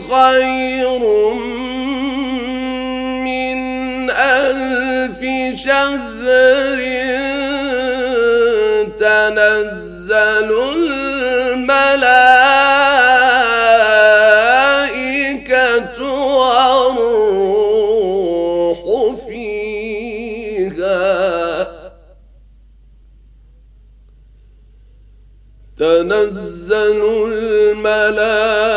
خير من ألف شهر تنزل الملائكة والروح فيها تنزل الملائكة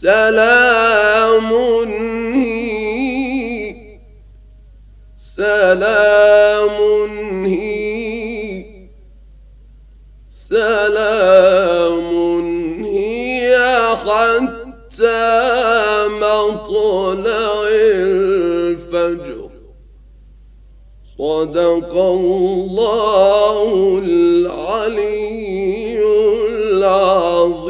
سلام هي سلام هي سلام هي حتى مطلع الفجر صدق الله العلي العظيم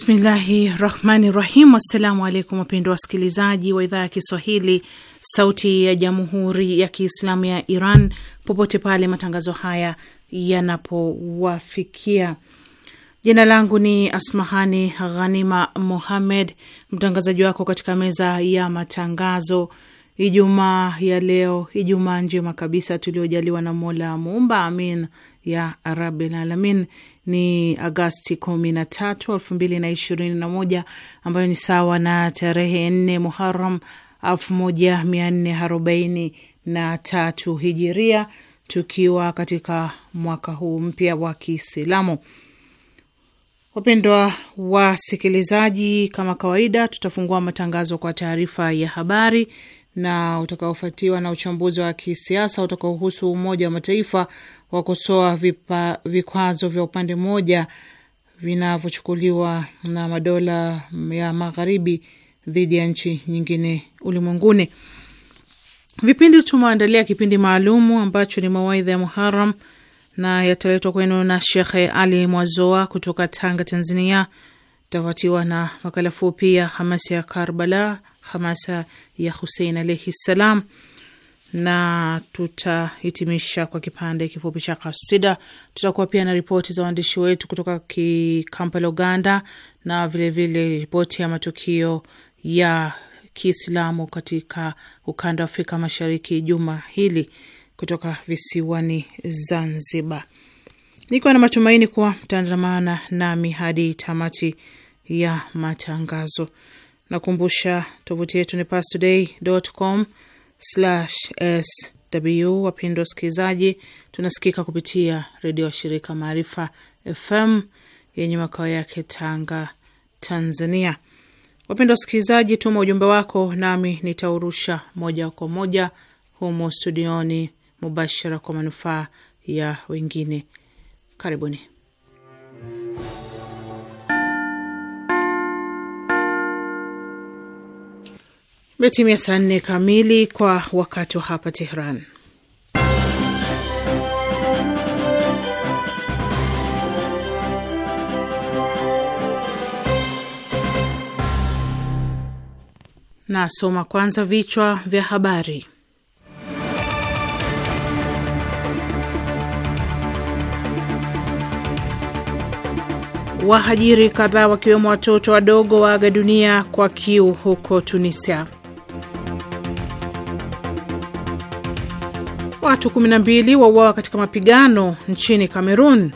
Bismillahi rahmani rahim. Assalamu alaikum wapendwa wasikilizaji wa idhaa ya Kiswahili sauti ya jamhuri ya Kiislamu ya Iran popote pale matangazo haya yanapowafikia. Jina langu ni Asmahani Ghanima muhammed mtangazaji wako katika meza ya matangazo Ijumaa ya leo, Ijumaa njema kabisa tuliojaliwa na Mola Muumba, amin ya rabbil alamin ni Agasti kumi na tatu na ishirini na moja ambayo ni sawa na tarehe nne Muharam elfu arobaini na tatu hijiria, tukiwa katika mwaka huu mpya wa Kiislamu. Wapendwa wasikilizaji, kama kawaida, tutafungua matangazo kwa taarifa ya habari na utakaofuatiwa na uchambuzi wa kisiasa utakaohusu Umoja wa Mataifa wakosoa vikwazo vya upande mmoja vinavyochukuliwa na madola ya magharibi dhidi ya nchi nyingine ulimwenguni. Vipindi tumeandalia kipindi maalumu ambacho ni mawaidha ya Muharam na yataletwa kwenu na Shekhe Ali Mwazoa kutoka Tanga, Tanzania. tafatiwa na makala fupi ya hamasi ya Karbala hamasa ya Husein alaihi ssalam, na tutahitimisha kwa kipande kifupi cha kasida. Tutakuwa pia na ripoti za waandishi wetu kutoka Kampala, Uganda, na vilevile ripoti ya matukio ya Kiislamu katika ukanda wa Afrika Mashariki juma hili kutoka visiwani Zanzibar, nikiwa na matumaini kuwa mtaandamana nami hadi tamati ya matangazo. Nakumbusha tovuti yetu ni pastoday.com sw. Wapendwa wasikilizaji, tunasikika kupitia redio wa shirika Maarifa FM yenye makao yake Tanga, Tanzania. Wapendwa wasikilizaji, tuma ujumbe wako nami nitaurusha moja kwa moja humo studioni mubashara kwa manufaa ya wengine. Karibuni. Imetimia saa nne kamili kwa wakati wa hapa Tehran. Nasoma kwanza vichwa vya habari. Wahajiri kadhaa wakiwemo watoto wadogo waaga dunia kwa kiu huko Tunisia. Watu 12 wauawa katika mapigano nchini Kamerun.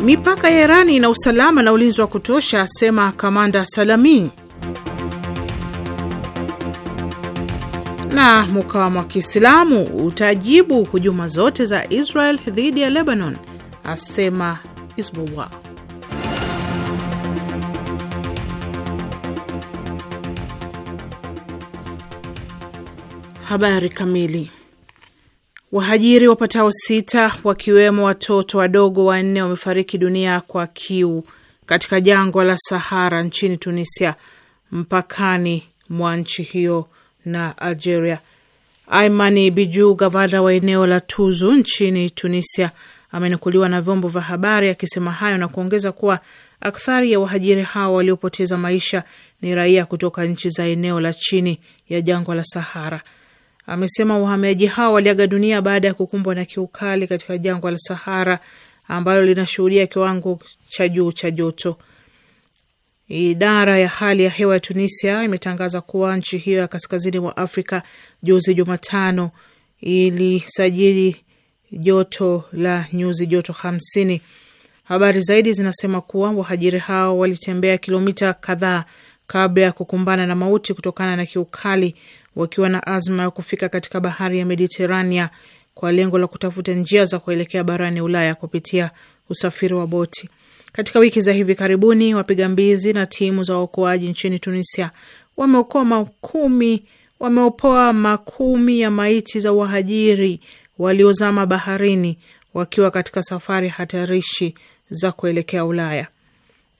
Mipaka ya Irani ina usalama na ulinzi wa kutosha, asema kamanda Salami. Na mukawama wa Kiislamu utajibu hujuma zote za Israel dhidi ya Lebanon, asema Hizbullah. Habari kamili. Wahajiri wapatao sita wakiwemo watoto wadogo wanne wamefariki dunia kwa kiu katika jangwa la Sahara nchini Tunisia, mpakani mwa nchi hiyo na Algeria. Aimani Biju, gavana wa eneo la Tuzu nchini Tunisia, amenukuliwa na vyombo vya habari akisema hayo na kuongeza kuwa akthari ya wahajiri hao waliopoteza maisha ni raia kutoka nchi za eneo la chini ya jangwa la Sahara amesema wahamiaji hao waliaga dunia baada ya kukumbwa na kiukali katika jangwa la Sahara ambalo linashuhudia kiwango cha juu cha joto. Idara ya hali ya hewa ya Tunisia imetangaza kuwa nchi hiyo ya kaskazini mwa Afrika juzi Jumatano ilisajili joto la nyuzi joto hamsini. Habari zaidi zinasema kuwa wahajiri hao walitembea kilomita kadhaa kabla ya kukumbana na mauti kutokana na kiukali wakiwa na azma ya kufika katika bahari ya Mediterania kwa lengo la kutafuta njia za kuelekea barani Ulaya kupitia usafiri wa boti. Katika wiki za hivi karibuni, wapiga mbizi na timu za waokoaji nchini Tunisia wameokoa makumi wameopoa makumi ya maiti za wahajiri waliozama baharini wakiwa katika safari hatarishi za kuelekea Ulaya.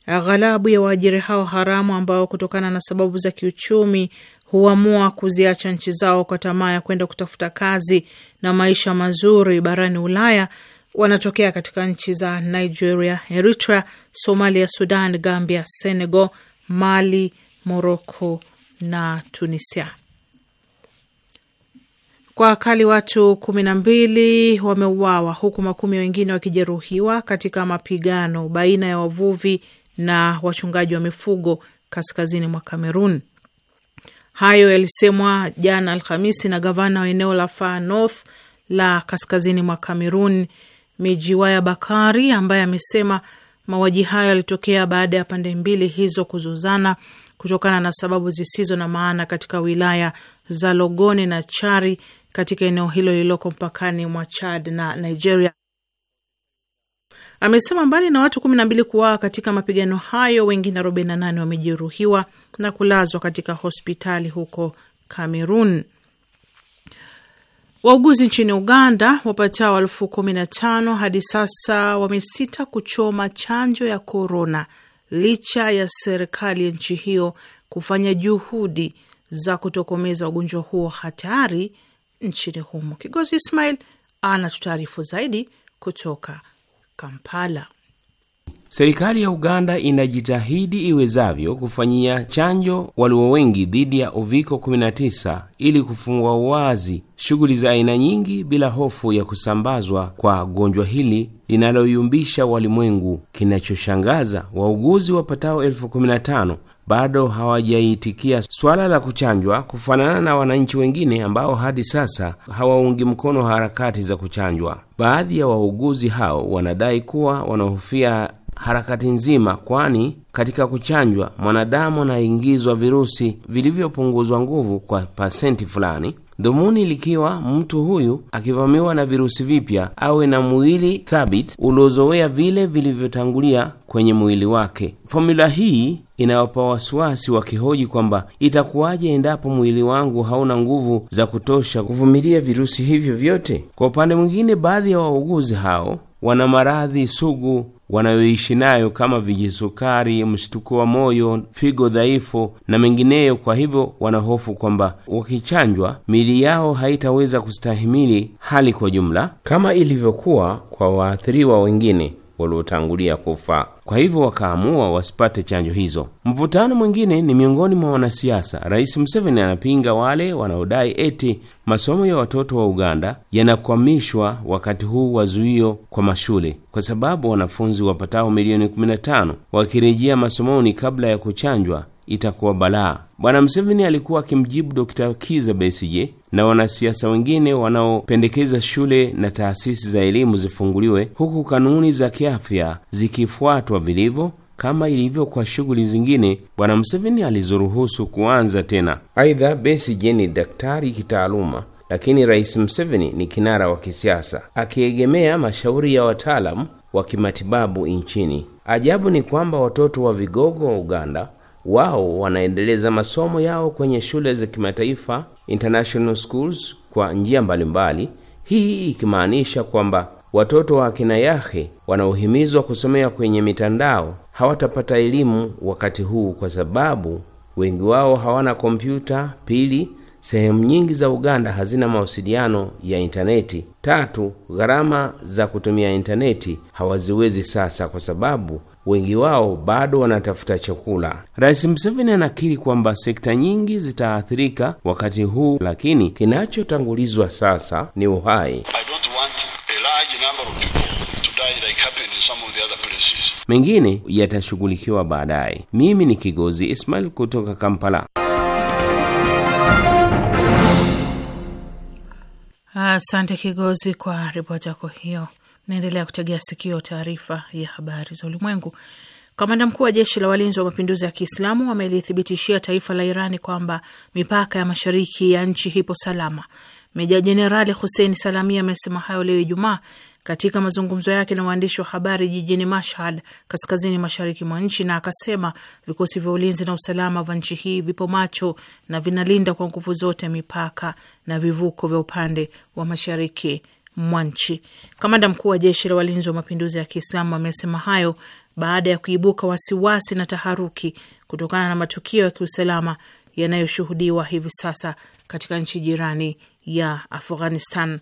Aghalabu ya wahajiri hao haramu ambao kutokana na sababu za kiuchumi huamua kuziacha nchi zao kwa tamaa ya kwenda kutafuta kazi na maisha mazuri barani Ulaya wanatokea katika nchi za Nigeria, Eritrea, Somalia, Sudan, Gambia, Senegal, Mali, Moroko na Tunisia. Kwa akali watu kumi na mbili wameuawa huku makumi wengine wakijeruhiwa katika mapigano baina ya wavuvi na wachungaji wa mifugo kaskazini mwa Kamerun. Hayo yalisemwa jana Alhamisi na gavana wa eneo la Far North la kaskazini mwa Kamerun, waya Bakari, ambaye amesema mauaji hayo yalitokea baada ya pande mbili hizo kuzuzana kutokana na sababu zisizo na maana katika wilaya za Logone na Chari katika eneo hilo lililoko mpakani mwa Chad na Nigeria amesema mbali na watu 12 kuwawa katika mapigano hayo, wengine 48 wamejeruhiwa na kulazwa katika hospitali huko Kamerun. Wauguzi nchini Uganda wapatao elfu kumi na tano hadi sasa wamesita kuchoma chanjo ya korona licha ya serikali ya nchi hiyo kufanya juhudi za kutokomeza ugonjwa huo hatari nchini humo. Kigozi Ismail ana zaidi kutoka Kampala. Serikali ya Uganda inajitahidi iwezavyo kufanyia chanjo walio wengi dhidi ya uviko 19 ili kufungua wazi shughuli za aina nyingi bila hofu ya kusambazwa kwa gonjwa hili linaloyumbisha walimwengu. Kinachoshangaza, wauguzi wapatao elfu kumi na tano bado hawajaitikia swala la kuchanjwa, kufanana na wananchi wengine ambao hadi sasa hawaungi mkono harakati za kuchanjwa. Baadhi ya wauguzi hao wanadai kuwa wanahofia harakati nzima, kwani katika kuchanjwa mwanadamu anaingizwa virusi vilivyopunguzwa nguvu kwa pasenti fulani, dhumuni likiwa mtu huyu akivamiwa na virusi vipya awe na mwili thabiti uliozoea vile vilivyotangulia kwenye mwili wake. Fomula hii inawapa wasiwasi wakihoji kwamba itakuwaje endapo mwili wangu hauna nguvu za kutosha kuvumilia virusi hivyo vyote. Kwa upande mwingine, baadhi ya wauguzi hao wana maradhi sugu wanayoishi nayo kama vijisukari, mshtuko wa moyo, figo dhaifu na mengineyo. Kwa hivyo wanahofu kwamba wakichanjwa miili yao haitaweza kustahimili hali kwa jumla kama ilivyokuwa kwa waathiriwa wengine waliotangulia kufa. Kwa hivyo wakaamua wasipate chanjo hizo. Mvutano mwingine ni miongoni mwa wanasiasa. Rais Museveni anapinga wale wanaodai eti masomo ya watoto wa Uganda yanakwamishwa wakati huu wa zuio kwa mashule kwa sababu wanafunzi wapatao milioni 15 wakirejea masomoni kabla ya kuchanjwa itakuwa balaa. Bwana Mseveni alikuwa akimjibu Dr. Kiza Besije na wanasiasa wengine wanaopendekeza shule na taasisi za elimu zifunguliwe huku kanuni za kiafya zikifuatwa vilivyo kama ilivyo kwa shughuli zingine, Bwana Mseveni alizoruhusu kuanza tena. Aidha, Besije ni daktari kitaaluma, lakini Rais Mseveni ni kinara wa kisiasa akiegemea mashauri ya wataalamu wa kimatibabu nchini. Ajabu ni kwamba watoto wa vigogo wa Uganda wao wanaendeleza masomo yao kwenye shule za kimataifa international schools kwa njia mbalimbali Hii ikimaanisha kwamba watoto wa akina Yahe wanaohimizwa kusomea kwenye mitandao hawatapata elimu wakati huu kwa sababu wengi wao hawana kompyuta. Pili, sehemu nyingi za Uganda hazina mawasiliano ya intaneti. Tatu, gharama za kutumia intaneti hawaziwezi sasa kwa sababu wengi wao bado wanatafuta chakula. Rais Museveni anakiri kwamba sekta nyingi zitaathirika wakati huu, lakini kinachotangulizwa sasa ni uhai. Mengine yatashughulikiwa baadaye. Mimi ni Kigozi Ismail kutoka Kampala. Asante Kigozi kwa ripoti yako hiyo. Naendelea kutegea sikio taarifa ya habari za ulimwengu. Kamanda mkuu wa jeshi la walinzi wa mapinduzi ya Kiislamu amelithibitishia taifa la Irani kwamba mipaka ya mashariki ya nchi ipo salama. Meja Jenerali Hussein Salami amesema hayo leo Ijumaa katika mazungumzo yake na waandishi wa habari jijini Mashhad, kaskazini mashariki mwa nchi, na akasema vikosi vya ulinzi na usalama vya nchi hii vipo macho na vinalinda kwa nguvu zote mipaka na vivuko vya upande wa mashariki mwa nchi. Kamanda mkuu wa jeshi la walinzi wa mapinduzi ya Kiislamu amesema hayo baada ya kuibuka wasiwasi na taharuki kutokana na matukio ya kiusalama yanayoshuhudiwa hivi sasa katika nchi jirani ya Afghanistan.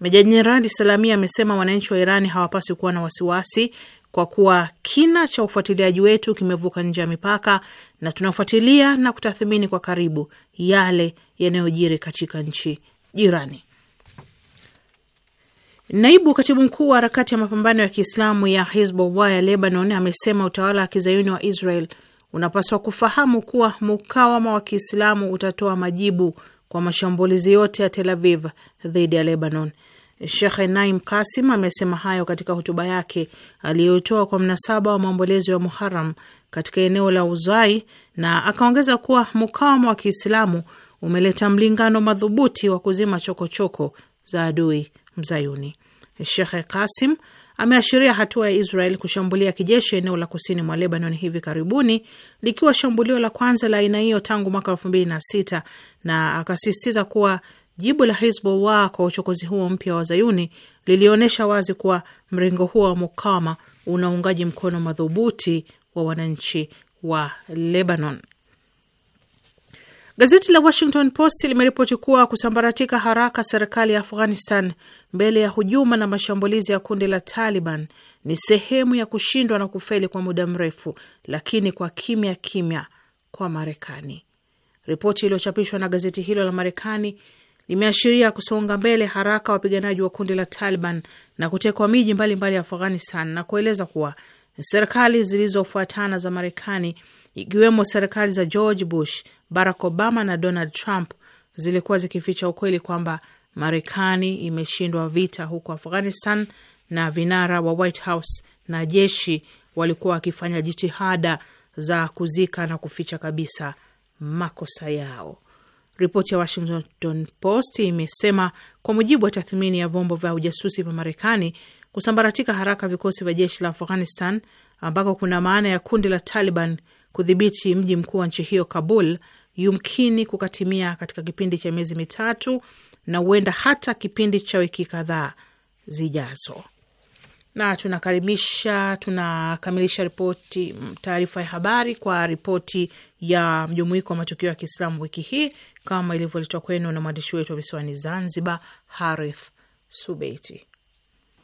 Meja Jenerali Salamia amesema wananchi wa Irani hawapaswi kuwa na wasiwasi kwa kuwa kina cha ufuatiliaji wetu kimevuka nje ya mipaka na tunafuatilia na kutathmini kwa karibu yale yanayojiri katika nchi jirani. Naibu katibu mkuu wa harakati ya mapambano ya Kiislamu ya Hizbullah ya Lebanon amesema utawala wa kizayuni wa Israel unapaswa kufahamu kuwa mukawama wa Kiislamu utatoa majibu kwa mashambulizi yote ya Tel Aviv dhidi ya Lebanon. Shekhe Naim Kasim amesema hayo katika hotuba yake aliyotoa kwa mnasaba wa maombolezo ya Muharam katika eneo la Uzai, na akaongeza kuwa mukawama wa Kiislamu umeleta mlingano madhubuti wa kuzima chokochoko choko za adui mzayuni. Shekhe Kasim ameashiria hatua ya Israel kushambulia kijeshi eneo la kusini mwa Lebanon hivi karibuni, likiwa shambulio la kwanza la aina hiyo tangu mwaka elfu mbili na sita, na akasisitiza kuwa jibu la Hizbullah kwa uchokozi huo mpya wa zayuni lilionyesha wazi kuwa mrengo huo wa mukama unaungaji mkono madhubuti wa wananchi wa Lebanon. Gazeti la Washington Post limeripoti kuwa kusambaratika haraka serikali ya Afghanistan mbele ya hujuma na mashambulizi ya kundi la Taliban ni sehemu ya kushindwa na kufeli kwa muda mrefu, lakini kwa kimya kimya kwa Marekani. Ripoti iliyochapishwa na gazeti hilo la Marekani limeashiria kusonga mbele haraka wapiganaji wa kundi la Taliban na kutekwa miji mbalimbali ya Afghanistan na kueleza kuwa serikali zilizofuatana za Marekani, ikiwemo serikali za George Bush Barack Obama na Donald Trump zilikuwa zikificha ukweli kwamba Marekani imeshindwa vita huko Afghanistan na vinara wa White House na jeshi walikuwa wakifanya jitihada za kuzika na kuficha kabisa makosa yao. Ripoti ya Washington Post imesema kwa mujibu wa tathmini ya vyombo vya ujasusi vya Marekani, kusambaratika haraka vikosi vya jeshi la Afghanistan ambako kuna maana ya kundi la Taliban kudhibiti mji mkuu wa nchi hiyo Kabul yumkini kukatimia katika kipindi cha miezi mitatu na huenda hata kipindi cha wiki kadhaa zijazo. Na tunakaribisha tunakamilisha ripoti taarifa ya habari kwa ripoti ya mjumuiko wa matukio ya Kiislamu wiki hii kama ilivyoletwa kwenu na mwandishi wetu wa visiwani Zanzibar, Harith Subeiti.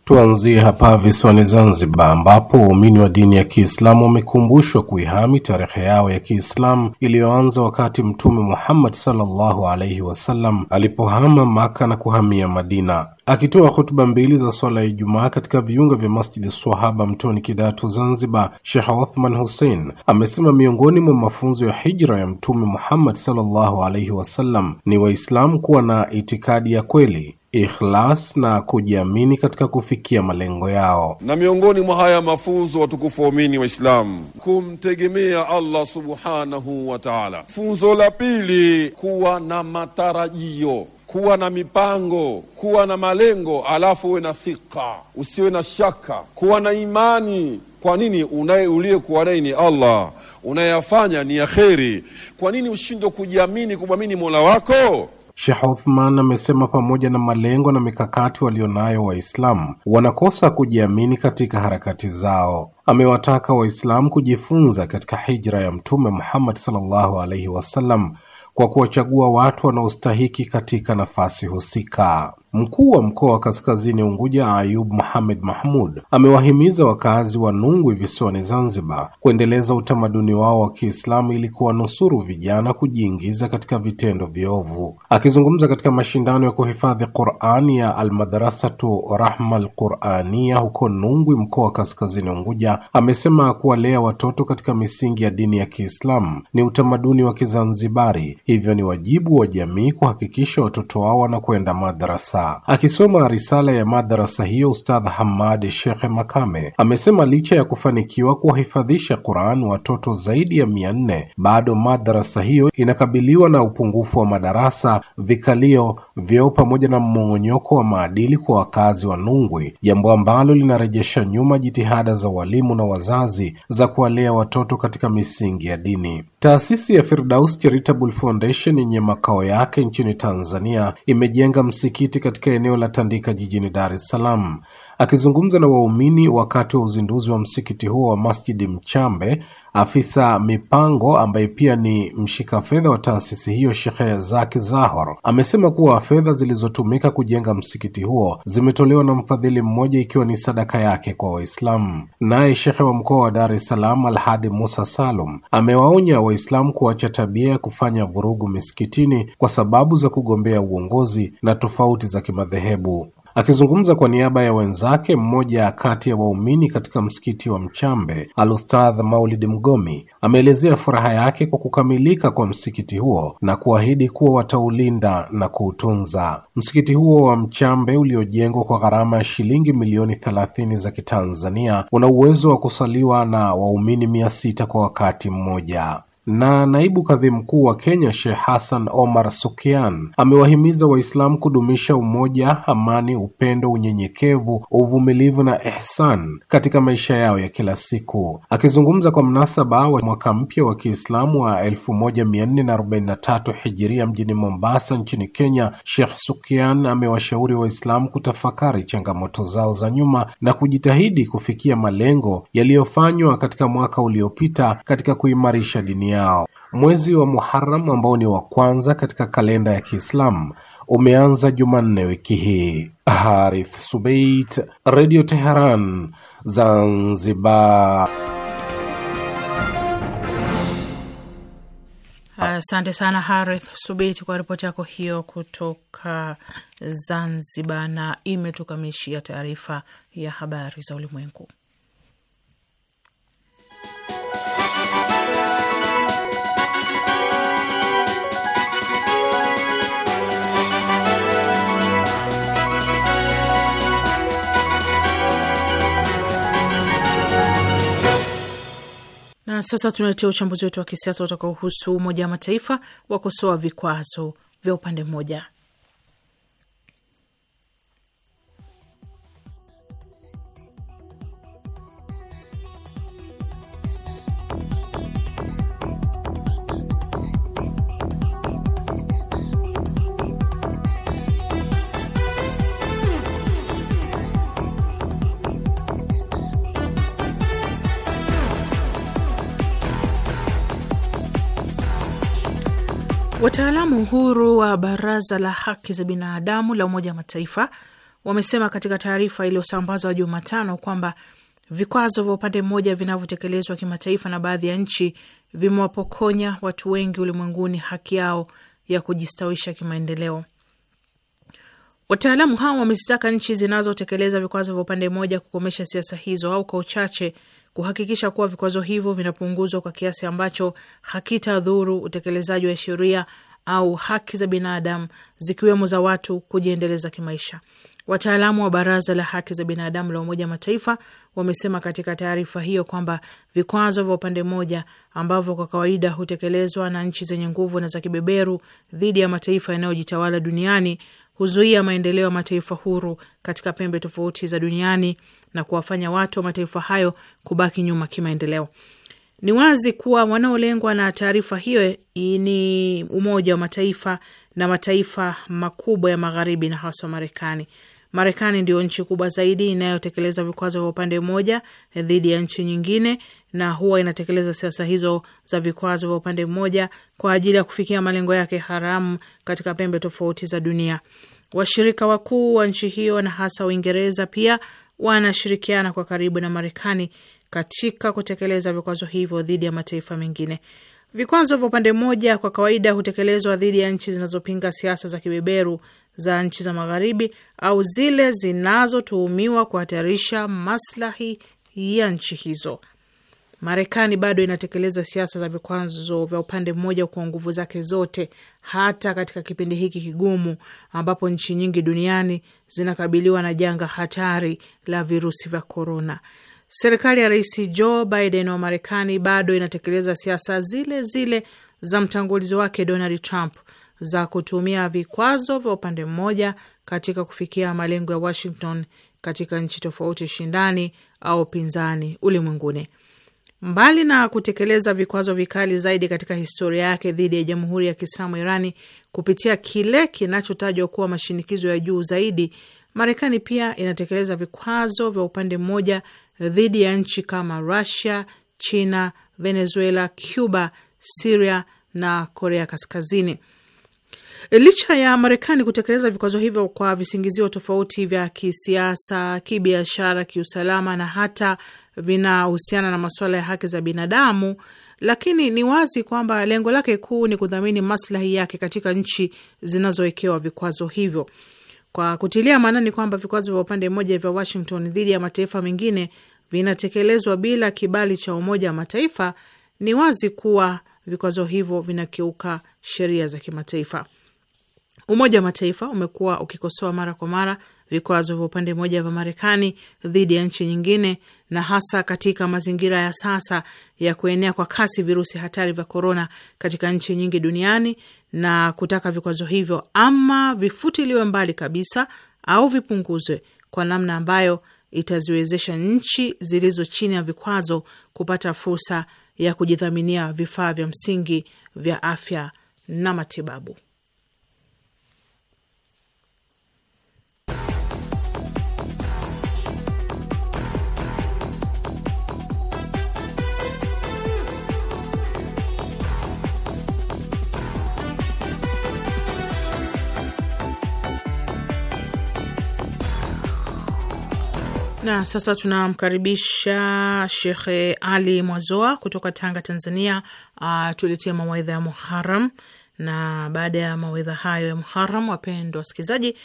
Tuanzie hapa visiwani Zanzibar, ambapo waumini wa dini ya Kiislamu wamekumbushwa kuihami tarehe yao ya Kiislamu iliyoanza wakati Mtume Muhammad sallallahu alaihi wasallam alipohama Maka na kuhamia Madina. Akitoa hotuba mbili za swala ya Ijumaa katika viunga vya Masjidi Swahaba Mtoni Kidatu Zanzibar, shekh Othman Hussein amesema miongoni mwa mafunzo ya hijra ya Mtume Muhammad sallallahu alaihi wasallam ni Waislamu kuwa na itikadi ya kweli, ikhlas na kujiamini katika kufikia malengo yao. Na miongoni mwa haya mafunzo watukufu waumini Waislamu kumtegemea Allah subhanahu wa taala. Funzo la pili, kuwa na matarajio kuwa na mipango, kuwa na malengo, alafu uwe na thika, usiwe na shaka, kuwa na imani. Kwa nini? Unaye uliyekuwa naye ni Allah, unayafanya ni ya kheri. Kwa nini ushindwe kujiamini, kumwamini mola wako? Sheikh Uthman amesema pamoja na malengo na mikakati walionayo Waislamu wanakosa kujiamini katika harakati zao. Amewataka Waislamu kujifunza katika hijra ya Mtume Muhammad sallallahu alaihi wasallam kwa kuwachagua watu wanaostahiki katika nafasi husika Mkuu wa Mkoa wa Kaskazini Unguja Ayub Mohamed Mahmud amewahimiza wakazi wa Nungwi visiwani Zanzibar kuendeleza utamaduni wao wa Kiislamu ili kuwanusuru vijana kujiingiza katika vitendo viovu. Akizungumza katika mashindano ya kuhifadhi Qurani ya Almadrasatu Rahma Alqurania huko Nungwi, Mkoa wa Kaskazini Unguja, amesema kuwalea watoto katika misingi ya dini ya Kiislamu ni utamaduni wa Kizanzibari, hivyo ni wajibu wa jamii kuhakikisha watoto wao wanakwenda madrasa. Akisoma risala ya madarasa hiyo, Ustadh Hamad Shekhe Makame amesema licha ya kufanikiwa kuwahifadhisha Quran watoto zaidi ya mia nne, bado madarasa hiyo inakabiliwa na upungufu wa madarasa, vikalio, vyoo pamoja na mmong'onyoko wa maadili kwa wakazi wa Nungwi, jambo ambalo linarejesha nyuma jitihada za walimu na wazazi za kuwalea watoto katika misingi ya dini. Taasisi ya Firdaus Charitable Foundation yenye makao yake nchini Tanzania imejenga msikiti katika eneo la Tandika jijini Dar es Salaam. Akizungumza na waumini wakati wa uzinduzi wa msikiti huo wa Masjidi Mchambe, afisa mipango ambaye pia ni mshika fedha wa taasisi hiyo, Shekhe Zaki Zahor amesema kuwa fedha zilizotumika kujenga msikiti huo zimetolewa na mfadhili mmoja ikiwa ni sadaka yake kwa Waislamu. Naye shekhe wa mkoa wa Dar es Salaam Alhadi Musa Salum amewaonya Waislamu kuacha tabia ya kufanya vurugu misikitini kwa sababu za kugombea uongozi na tofauti za kimadhehebu. Akizungumza kwa niaba ya wenzake, mmoja kati ya waumini katika msikiti wa Mchambe Alustadh Maulid Mgomi ameelezea furaha yake kwa kukamilika kwa msikiti huo na kuahidi kuwa wataulinda na kuutunza. Msikiti huo wa Mchambe uliojengwa kwa gharama ya shilingi milioni thelathini za Kitanzania una uwezo wa kusaliwa na waumini mia sita kwa wakati mmoja na naibu kadhi mkuu wa Kenya Sheikh Hassan Omar Sukian amewahimiza Waislamu kudumisha umoja, amani, upendo, unyenyekevu, uvumilivu na ihsan katika maisha yao ya kila siku. Akizungumza kwa mnasaba wa mwaka mpya wa Kiislamu wa 1443 hijiria mjini Mombasa nchini Kenya, Sheikh Sukian amewashauri Waislamu kutafakari changamoto zao za nyuma na kujitahidi kufikia malengo yaliyofanywa katika mwaka uliopita katika kuimarisha dini yao. Mwezi wa Muharram ambao ni wa kwanza katika kalenda ya Kiislamu umeanza Jumanne wiki hii. Harith Subait, Radio Teheran, Zanzibar. Asante uh, sana Harith Subit kwa ripoti yako hiyo kutoka Zanzibar, na imetukamishia taarifa ya habari za ulimwengu. Na sasa tunaletea uchambuzi wetu wa kisiasa utakaohusu Umoja wa Mataifa wakosoa vikwazo vya upande mmoja. Wataalamu huru wa baraza la haki za binadamu la Umoja wa Mataifa wamesema katika taarifa iliyosambazwa Jumatano kwamba vikwazo vya upande mmoja vinavyotekelezwa kimataifa na baadhi ya nchi vimewapokonya watu wengi ulimwenguni haki yao ya kujistawisha kimaendeleo. Wataalamu hao wamezitaka nchi zinazotekeleza vikwazo vya upande mmoja kukomesha siasa hizo au kwa uchache kuhakikisha kuwa vikwazo hivyo vinapunguzwa kwa kiasi ambacho hakitadhuru utekelezaji wa sheria au haki za binadamu zikiwemo za watu kujiendeleza kimaisha. Wataalamu wa Baraza la Haki za Binadamu la Umoja Mataifa wamesema katika taarifa hiyo kwamba vikwazo vya upande mmoja ambavyo kwa kawaida hutekelezwa na nchi zenye nguvu na za kibeberu dhidi ya mataifa yanayojitawala duniani huzuia maendeleo ya mataifa huru katika pembe tofauti za duniani na kuwafanya watu wa mataifa hayo kubaki nyuma kimaendeleo. Ni wazi kuwa wanaolengwa na taarifa hiyo ni Umoja wa Mataifa na mataifa makubwa ya Magharibi na hasa Marekani. Marekani ndio nchi kubwa zaidi inayotekeleza vikwazo vya upande mmoja eh, dhidi ya nchi nyingine, na huwa inatekeleza siasa hizo za vikwazo vya upande mmoja kwa ajili ya kufikia malengo yake haramu katika pembe tofauti za dunia. Washirika wakuu wa nchi hiyo na hasa Uingereza pia wanashirikiana kwa karibu na Marekani katika kutekeleza vikwazo hivyo dhidi ya mataifa mengine. Vikwazo vya upande mmoja kwa kawaida hutekelezwa dhidi ya nchi zinazopinga siasa za kibeberu za nchi za Magharibi au zile zinazotuhumiwa kuhatarisha maslahi ya nchi hizo. Marekani bado inatekeleza siasa za vikwazo vya upande mmoja kwa nguvu zake zote, hata katika kipindi hiki kigumu ambapo nchi nyingi duniani zinakabiliwa na janga hatari la virusi vya korona. Serikali ya Rais Joe Biden wa Marekani bado inatekeleza siasa zile zile za mtangulizi wake Donald Trump za kutumia vikwazo vya upande mmoja katika kufikia malengo ya Washington katika nchi tofauti shindani au pinzani ulimwenguni. Mbali na kutekeleza vikwazo vikali zaidi katika historia yake dhidi ya Jamhuri ya Kiislamu Irani kupitia kile kinachotajwa kuwa mashinikizo ya juu zaidi, Marekani pia inatekeleza vikwazo vya upande mmoja dhidi ya nchi kama Rusia, China, Venezuela, Cuba, Siria na Korea Kaskazini. Licha ya Marekani kutekeleza vikwazo hivyo kwa visingizio tofauti vya kisiasa, kibiashara, kiusalama na hata vinahusiana na masuala ya haki za binadamu, lakini ni wazi kwamba lengo lake kuu ni kudhamini maslahi yake katika nchi zinazowekewa vikwazo hivyo, kwa kutilia maanani kwamba vikwazo vya upande mmoja vya Washington dhidi ya mataifa mengine vinatekelezwa bila kibali cha Umoja wa Mataifa. Ni wazi kuwa vikwazo hivyo vinakiuka sheria za kimataifa. Umoja wa Mataifa umekuwa ukikosoa mara kwa mara vikwazo vya upande mmoja vya Marekani dhidi ya nchi nyingine na hasa katika mazingira ya sasa ya kuenea kwa kasi virusi hatari vya korona katika nchi nyingi duniani, na kutaka vikwazo hivyo ama vifutiliwe mbali kabisa au vipunguzwe kwa namna ambayo itaziwezesha nchi zilizo chini ya vikwazo kupata fursa ya kujidhaminia vifaa vya msingi vya afya na matibabu. Na sasa tunamkaribisha Shekhe Ali Mwazoa kutoka Tanga, Tanzania, atuletee ah, mawaidha ya Muharam. Na baada ya mawaidha hayo ya Muharam, wapendwa wasikilizaji,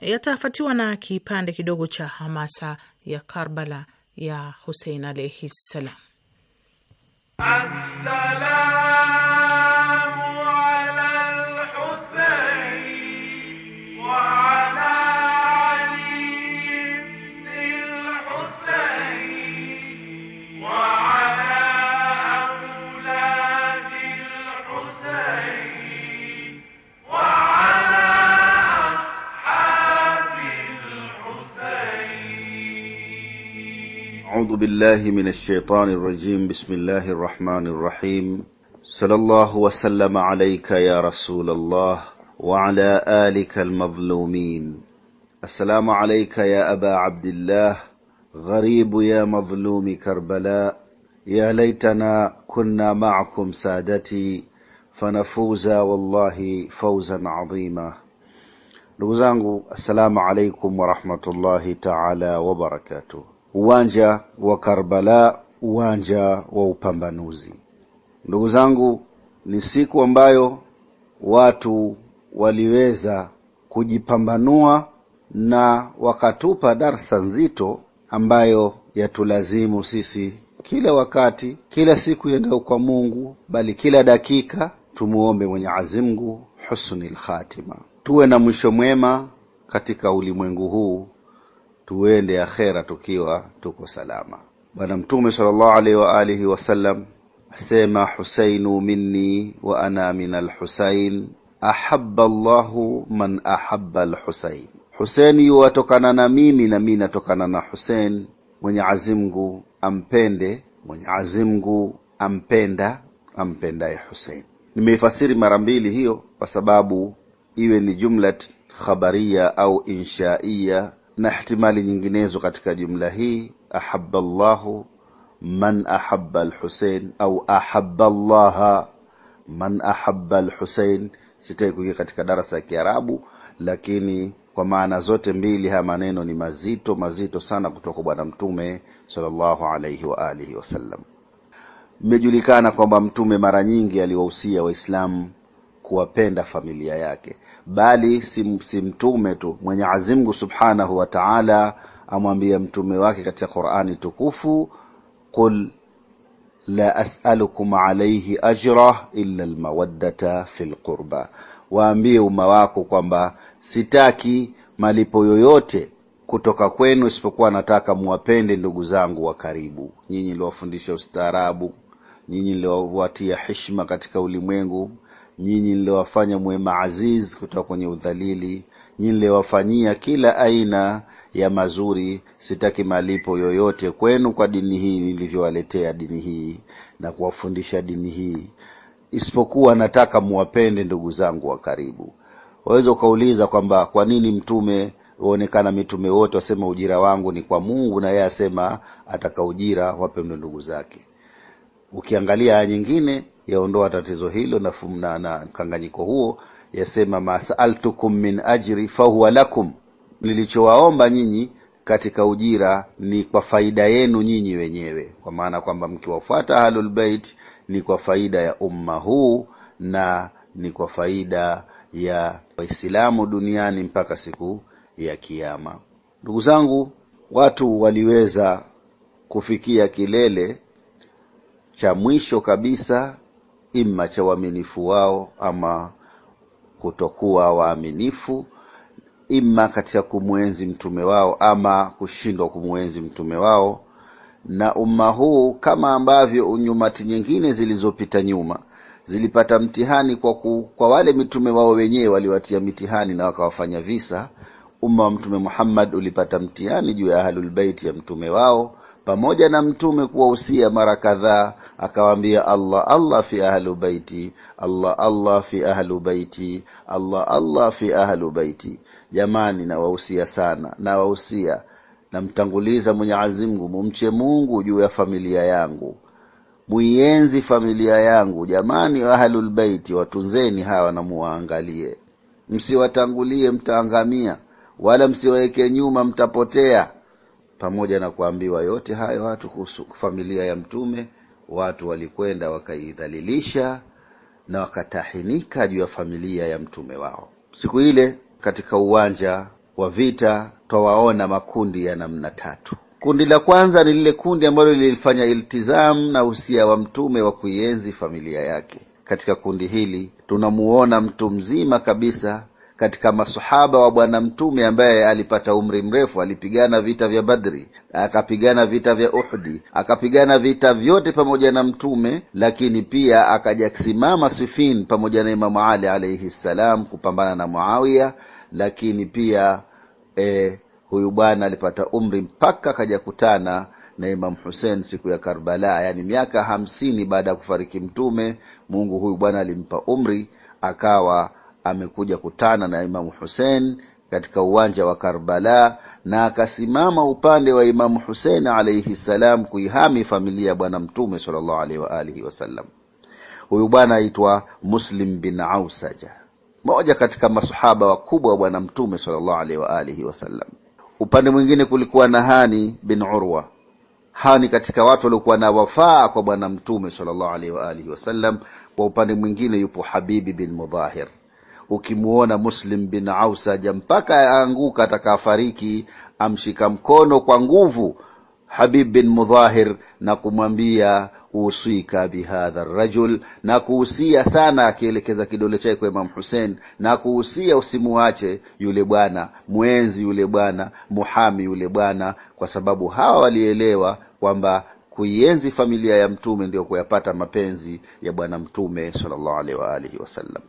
yatafatiwa na kipande kidogo cha hamasa ya Karbala ya Husein alaihi ssalam. أعوذ بالله من الشيطان الرجيم بسم الله الرحمن الرحيم صلى الله وسلم عليك يا رسول الله وعلى آلك المظلومين السلام عليك يا أبا عبد الله غريب يا مظلوم كربلاء يا ليتنا كنا معكم سادتي فنفوز والله فوزا عظيما ndugu السلام عليكم ورحمة الله تعالى وبركاته uwanja wa Karbala, uwanja wa upambanuzi. Ndugu zangu, ni siku ambayo watu waliweza kujipambanua na wakatupa darsa nzito ambayo yatulazimu sisi kila wakati, kila siku iendao kwa Mungu, bali kila dakika tumuombe Mwenyezi Mungu husnul khatima, tuwe na mwisho mwema katika ulimwengu huu tuende akhera tukiwa tuko salama. Bwana Mtume sallallahu alaihi wa alihi wasallam asema, husainu minni wa ana min alhusain ahabba llahu man ahabba alhusain, Husaini yuwatokana na mimi na mimi natokana na Husain. Mwenyezi Mungu ampende, Mwenyezi Mungu ampenda ampendaye Husain. Nimeifasiri mara mbili hiyo kwa sababu iwe ni jumla khabaria au inshaia na ihtimali nyinginezo katika jumla hii, ahabba llahu man ahabba alhusein au ahabba llaha man ahabba lhusein Sitaki kuingia katika darasa ya Kiarabu, lakini kwa maana zote mbili haya maneno ni mazito mazito sana kutoka kwa Bwana Mtume sallallahu alaihi wa alihi wasallam. Imejulikana kwamba Mtume mara nyingi aliwahusia Waislamu kuwapenda familia yake bali si mtume tu mwenye azimgu subhanahu wa taala amwambia mtume wake katika Qurani tukufu, qul la as'alukum alayhi ajra illa almawaddata fil qurba, waambie umma wako kwamba sitaki malipo yoyote kutoka kwenu isipokuwa nataka muwapende ndugu zangu wa karibu. Nyinyi niliwafundisha ustaarabu, nyinyi niliwatia heshima katika ulimwengu nyinyi niliwafanya mwe maaziz kutoka kwenye udhalili, nyinyi niliwafanyia kila aina ya mazuri, sitaki malipo yoyote kwenu kwa dini hii nilivyowaletea dini hii na kuwafundisha dini hii, isipokuwa nataka muwapende ndugu zangu wa karibu. Waweza ukauliza kwamba kwa nini mtume waonekana mitume wote wasema ujira wangu ni kwa Mungu, na yeye asema ataka ujira wapendwe ndugu zake. Ukiangalia aya nyingine yaondoa tatizo hilo na fumna na mkanganyiko huo, yasema masaltukum min ajri fahuwa lakum, nilichowaomba nyinyi katika ujira ni kwa faida yenu nyinyi wenyewe, kwa maana kwamba mkiwafuata Ahlul Bait ni kwa faida ya umma huu na ni kwa faida ya Waislamu duniani mpaka siku ya Kiyama. Ndugu zangu, watu waliweza kufikia kilele cha mwisho kabisa imma cha uaminifu wao ama kutokuwa waaminifu, imma katika kumwenzi mtume wao ama kushindwa kumwenzi mtume wao na umma huu, kama ambavyo unyumati nyingine zilizopita nyuma zilipata mtihani kwa, ku, kwa wale mitume wao wenyewe waliwatia mitihani na wakawafanya visa. Umma wa Mtume Muhammad ulipata mtihani juu ya Ahlulbeiti ya mtume wao pamoja na mtume kuwahusia mara kadhaa, akawaambia Allah Allah fi ahlu baiti, Allah Allah fi ahlu baiti, Allah Allah fi ahlu baiti. Jamani, nawahusia sana, nawahusia, namtanguliza mwenyeazimgu mumche Mungu juu ya familia yangu, muienzi familia yangu. Jamani, ahlulbeiti watunzeni hawa namuwaangalie msiwatangulie mtaangamia, wala msiwaweke nyuma mtapotea pamoja na kuambiwa yote hayo watu kuhusu familia ya Mtume, watu walikwenda wakaidhalilisha na wakatahinika juu ya familia ya mtume wao. Siku ile katika uwanja wa vita twawaona makundi ya namna tatu. Kundi la kwanza ni lile kundi ambalo lilifanya iltizamu na usia wa mtume wa kuienzi familia yake. Katika kundi hili tunamuona mtu mzima kabisa katika masahaba wa Bwana Mtume ambaye alipata umri mrefu. Alipigana vita vya Badri, akapigana vita vya Uhdi, akapigana vita vyote pamoja na Mtume, lakini pia akaja kusimama Sifin pamoja na Imamu Ali alaihi ssalam kupambana na Muawiya, lakini pia e, huyu bwana alipata umri mpaka akaja kutana na Imam Hussein siku ya Karbala, yani miaka hamsini baada ya kufariki Mtume. Mungu huyu bwana alimpa umri akawa amekuja kutana na Imamu Husein katika uwanja wa Karbala na akasimama upande wa Imamu Husein alaihi salam kuihami familia ya Bwana Mtume sallallahu wa alihi wasallam. Huyu bwana aitwa Muslim bin Ausaja, moja katika masahaba wakubwa wa Bwana Mtume sallallahu wa alihi wasallam. Upande mwingine kulikuwa na Hani bin Urwa. Hani katika watu waliokuwa na wafaa kwa Bwana Mtume sallallahu wa alihi wasallam. Kwa upande mwingine yupo Habibi bin Mudhahir ukimuona Muslim bin Ausaja mpaka aanguka atakafariki, amshika mkono kwa nguvu Habib bin Mudhahir na kumwambia usika bihadha rajul, na kuhusia sana, akielekeza kidole chake kwa Imam Hussein na kuhusia, usimuache yule bwana, mwenzi yule bwana, muhami yule bwana, kwa sababu hawa walielewa kwamba kuienzi familia ya Mtume ndio kuyapata mapenzi ya Bwana Mtume sallallahu alaihi wa alihi wasallam.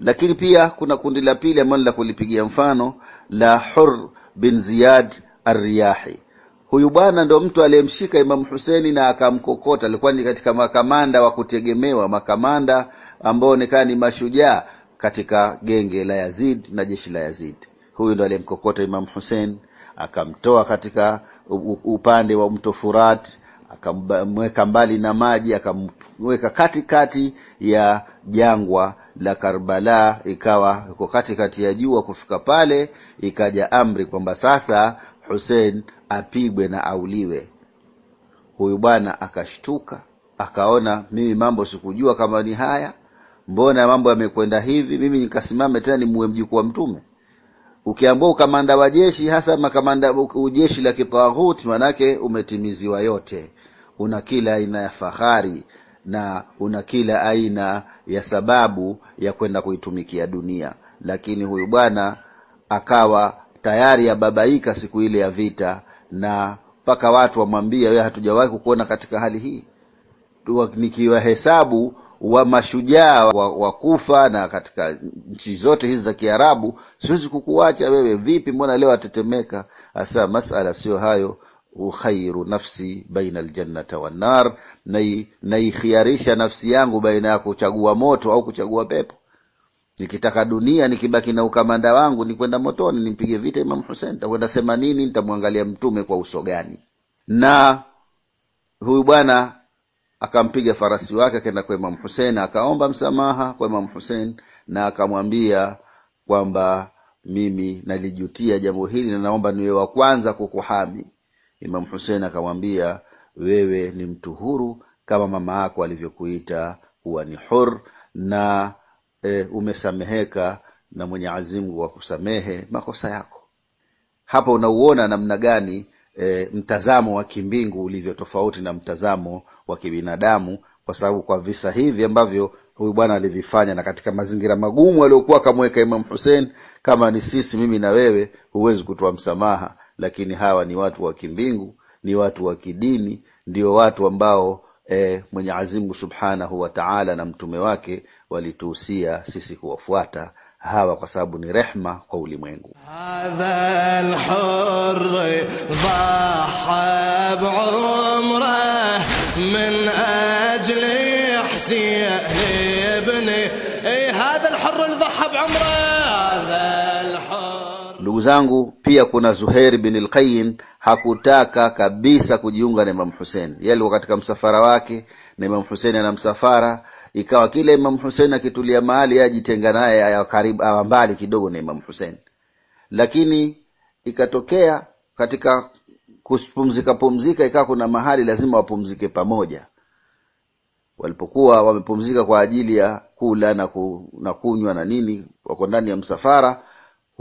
Lakini pia kuna kundi la pili ambalo la kulipigia mfano la Hur bin Ziyad Arriyahi. Huyu bwana ndo mtu aliyemshika imam Huseni na akamkokota. Alikuwa ni katika makamanda wa kutegemewa, makamanda ambao onekana ni mashujaa katika genge la Yazid na jeshi la Yazid. Huyu ndo aliyemkokota imam Hussein akamtoa katika upande wa mto Furat, akamweka mbali na maji, akamweka katikati ya jangwa la Karbala ikawa iko katikati ya jua kufika pale, ikaja amri kwamba sasa Hussein apigwe na auliwe. Huyu bwana akashtuka, akaona mimi mambo sikujua kama ni haya, mbona mambo yamekwenda hivi? Mimi nikasimame tena nimuue mjukuu wa Mtume? Ukiambua ukamanda wa jeshi, hasa makamanda ujeshi la kitaghuti, manake umetimiziwa yote, una kila aina ya fahari na una kila aina ya sababu ya kwenda kuitumikia dunia, lakini huyu bwana akawa tayari ababaika siku ile ya vita, na mpaka watu wamwambia, wewe, hatujawahi kukuona katika hali hii, nikiwahesabu wa mashujaa wa kufa na katika nchi zote hizi za Kiarabu, siwezi kukuacha wewe. Vipi, mbona leo atetemeka? Hasa masala sio hayo ukhairu nafsi baina aljannata wannar, naikhiarisha nafsi yangu baina ya kuchagua moto au kuchagua pepo. Nikitaka dunia, nikibaki na ukamanda wangu, nikwenda motoni, nimpige vita Imam Hussein, takwenda sema ntamwangalia mtume kwa uso gani? Na huyu bwana akampiga farasi wake, akaenda kwa Imam Hussein, akaomba msamaha kwa Imam Hussein na akamwambia kwamba mimi nalijutia jambo hili na naomba niwe wa kwanza kukuhami Imamu Hussein akamwambia, wewe ni mtu huru kama mama yako alivyokuita kuwa ni hur, na e, umesameheka na Mwenyezi Mungu kusamehe makosa yako. Hapa unauona namna gani e, mtazamo wa kimbingu ulivyo tofauti na mtazamo wa kibinadamu, kwa sababu kwa visa hivi ambavyo huyu bwana alivifanya na katika mazingira magumu aliyokuwa akamweka Imam Hussein, kama ni sisi, mimi na wewe, huwezi kutoa msamaha lakini hawa ni watu wa kimbingu, ni watu wa kidini, ndio watu ambao e, Mwenyezi Mungu Subhanahu wa Ta'ala na mtume wake walituhusia sisi kuwafuata hawa kwa sababu ni rehma kwa ulimwengu. Ndugu zangu, pia kuna Zuhair bin al hakutaka kabisa kujiunga na Imam Hussein. Yeye alikuwa katika msafara wake na Imam Hussein ana msafara, ikawa kila Imam Hussein akitulia mahali ajitenga naye, aya karibu awa mbali kidogo na Imam Hussein. Lakini ikatokea katika kupumzika pumzika, ikawa kuna mahali lazima wapumzike pamoja. Walipokuwa wamepumzika kwa ajili ya kula na kunywa na nini, wako ndani ya msafara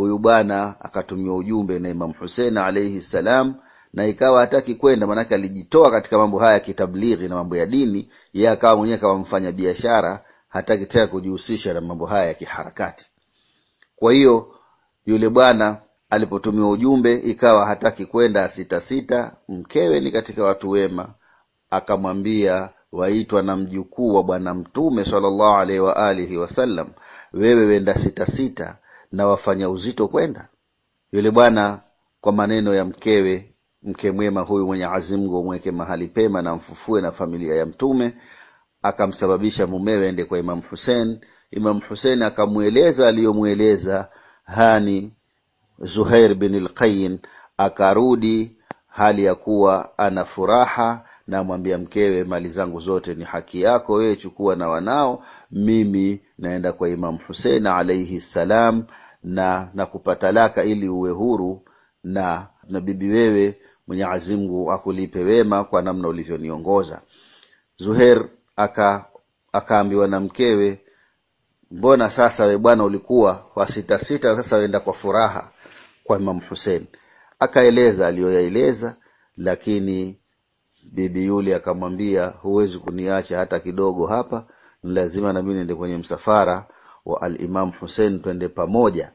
huyu bwana akatumia ujumbe na Imam Hussein alaihi salam, na ikawa hataki kwenda, maanake alijitoa katika mambo haya ya kitablighi na mambo ya dini. Yeye akawa mwenyewe kama mfanya biashara, hataki tena kujihusisha na mambo haya ya kiharakati. Kwa hiyo yule bwana alipotumia ujumbe ikawa hataki kwenda, sitasita Mkewe ni katika watu wema, akamwambia waitwa na mjukuu wa Bwana Mtume sallallahu alaihi wa alihi wasallam, wewe wenda sitasita sita na wafanya uzito kwenda yule bwana kwa maneno ya mkewe mke mwema huyu mwenye azimgo mweke mahali pema na mfufue na familia ya mtume akamsababisha mumewe ende kwa Imam husen Imam husen akamweleza aliyomweleza hani Zuhair bin lqain akarudi hali ya kuwa ana furaha, namwambia mkewe, mali zangu zote ni haki yako wewe, chukua na wanao mimi naenda kwa imam Husein alaihi ssalam, na nakupa talaka ili uwe huru na na bibi wewe, mwenye azimgu akulipe wema kwa namna ulivyoniongoza. Zuher aka akaambiwa na mkewe, mbona sasa we bwana ulikuwa wa sita sasa wenda kwa furaha kwa imam Husein. Akaeleza aliyoyaeleza, lakini bibi yule akamwambia, huwezi kuniacha hata kidogo hapa ni lazima nami niende kwenye msafara wa alimamu Husein, twende pamoja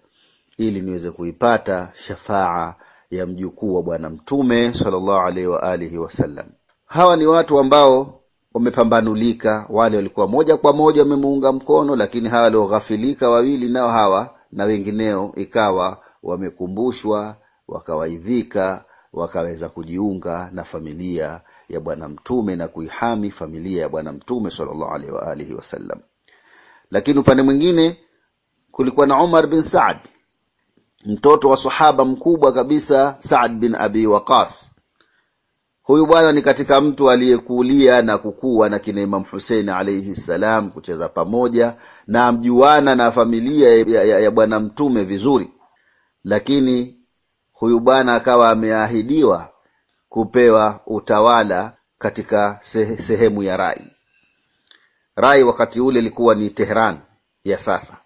ili niweze kuipata shafaa ya mjukuu wa Bwana Mtume sallallahu alaihi wa alihi wasallam. Hawa ni watu ambao wamepambanulika. Wale walikuwa moja kwa moja wamemuunga mkono, lakini hawa walioghafilika wawili nao hawa na wengineo, ikawa wamekumbushwa, wakawaidhika, wakaweza kujiunga na familia ya Bwana Mtume na kuihami familia ya Bwana Mtume sallallahu alaihi wa alihi wasallam. Lakini upande mwingine kulikuwa na Umar bin Saad, mtoto wa sahaba mkubwa kabisa Saad bin Abi Waqas. Huyu bwana ni katika mtu aliyekulia na kukua na kina Imam Hussein alaihi salam, kucheza pamoja na mjuana na familia ya, ya, ya Bwana Mtume vizuri, lakini huyu bwana akawa ameahidiwa kupewa utawala katika sehemu ya Rai. Rai wakati ule ilikuwa ni Tehran ya sasa.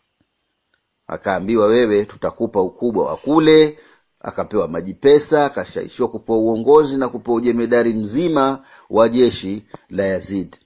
Akaambiwa, wewe tutakupa ukubwa wa kule, akapewa maji pesa, akashaishiwa kupewa uongozi na kupewa ujemedari mzima wa jeshi la Yazid.